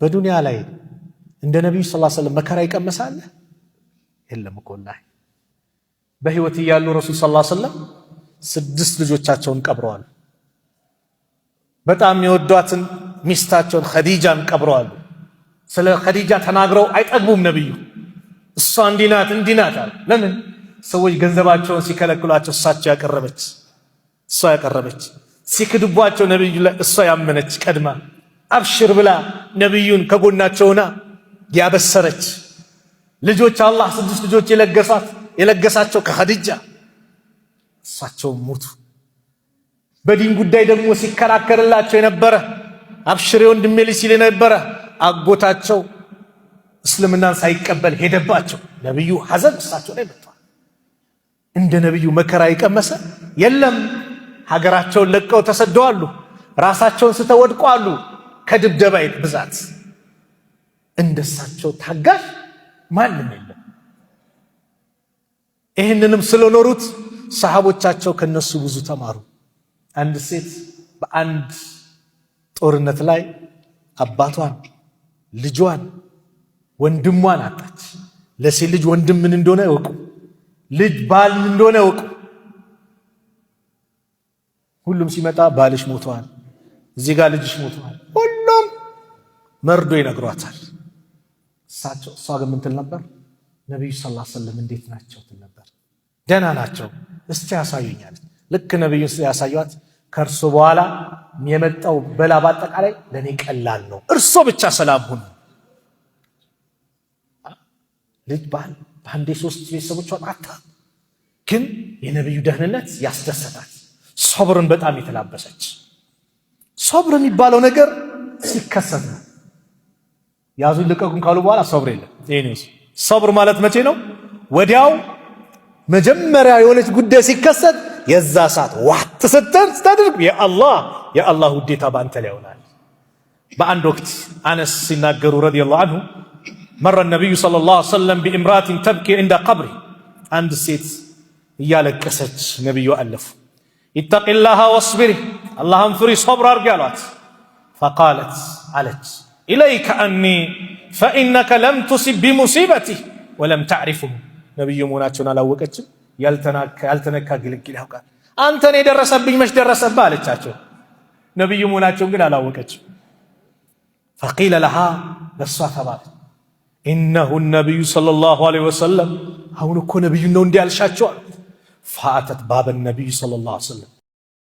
በዱንያ ላይ እንደ ነቢዩ ስ ዐለይሂ መከራ ይቀመሳል የለም እኮ ላይ በህይወት እያሉ ረሱል ስ ዐለይሂ ስድስት ልጆቻቸውን ቀብረዋሉ። በጣም የወዷትን ሚስታቸውን ኸዲጃን ቀብረዋሉ። ስለ ኸዲጃ ተናግረው አይጠግቡም ነብዩ። እሷ እንዲናት እንዲናት አሉ። ለምን ሰዎች ገንዘባቸውን ሲከለክሏቸው እሳቸው ያቀረበች እሷ ያቀረበች ሲክድቧቸው ነቢዩ ላይ እሷ ያመነች ቀድማ አብሽር ብላ ነቢዩን ከጎናቸው ሆና ያበሰረች ልጆች አላህ ስድስት ልጆች የለገሳት የለገሳቸው ከኸዲጃ እሳቸውም ሞቱ። በዲን ጉዳይ ደግሞ ሲከራከርላቸው የነበረ አብሽሬ ወንድሜ ሲል የነበረ አጎታቸው እስልምናን ሳይቀበል ሄደባቸው። ነቢዩ ሐዘን እሳቸው ላይ መጥቷል። እንደ ነቢዩ መከራ የቀመሰ የለም። ሀገራቸውን ለቀው ተሰደዋሉ። ራሳቸውን ስተወድቀዋሉ። ከድብደባ ብዛት እንደሳቸው ታጋሽ ማንም የለም። ይህንንም ስለኖሩት ሰሃቦቻቸው ከነሱ ብዙ ተማሩ። አንድ ሴት በአንድ ጦርነት ላይ አባቷን፣ ልጇን፣ ወንድሟን አጣች። ለሴት ልጅ ወንድም ምን እንደሆነ እወቁ፣ ልጅ ባል ምን እንደሆነ እወቁ። ሁሉም ሲመጣ ባልሽ ሞተዋል፣ እዚህ ጋር ልጅሽ ሞተዋል፣ መርዶ ይነግሯታል። እሳቸው እሷ ግን ምንትል ነበር ነቢዩ ሰለላሁ ዐለይሂ እንዴት ናቸው ትል ነበር። ደህና ናቸው እስቲ ያሳዩኛል። ልክ ነቢዩ ያሳዩት ከእርሱ በኋላ የመጣው በላ በአጠቃላይ ለእኔ ቀላል ነው፣ እርሶ ብቻ ሰላም ሁኑ። ልጅ ባል በአንዴ ሶስት ቤተሰቦች አጣ። ግን የነቢዩ ደህንነት ያስደሰታት ሶብርን በጣም የተላበሰች ሶብር የሚባለው ነገር ሲከሰት ነው። ያዙኝ ልቀቁኝ ካሉ በኋላ ሰብር የለም። ሰብር ማለት መቼ ነው? ወዲያው መጀመሪያ የሆነች ጉዳይ ሲከሰት የዛ ሰዓት ዋት ስተን ስታደርግ የአላህ የአላህ ውዴታ በአንተ ላይ ይሆናል። በአንድ ወቅት አነስ ሲናገሩ ረዲየላሁ አንሁ መረ ነቢዩ ሰለላሁ ዐለይሂ ወሰለም ቢእምራትን ተብኪ እንደ ቀብሪ፣ አንድ ሴት እያለቀሰች ነቢዩ አለፉ። ኢተቂላሃ ወስቢሪ፣ አላህን ፍሪ፣ ሶብር አድርጊ አሏት። ፈቃለት አለች ኢለይከ አኒ ፈኢነከ ለም ቱሲብ ቢሙሲበቲህ ወለም ተዕሪፍሁ ነቢዩ መሆናቸውን አላወቀችም። ያልተነካ ግልግል ያውቃል። አንተን የደረሰብኝ መች ደረሰብህ አለቻቸው። ነቢዩ መሆናቸውን ግን አላወቀችም። ፈቂለ ለሃ ለእሷ ተባለ ኢነሁ ነቢዩ ሰለላሁ ዐለይሂ ወሰለም አሁን እኮ ነቢዩ ነው እንዲህ አሉት። ፈአተት ባበ ነቢዩ ሰለላሁ ዐለይሂ ወሰለም